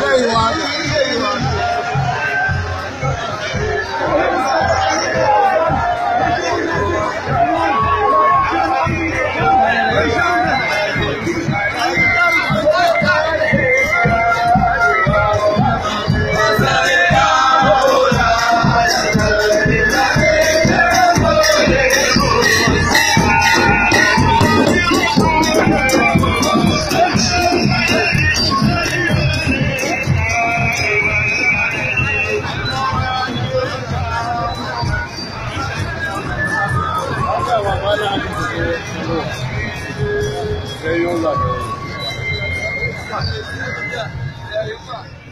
对吗？Eyvallah. Eyvallah.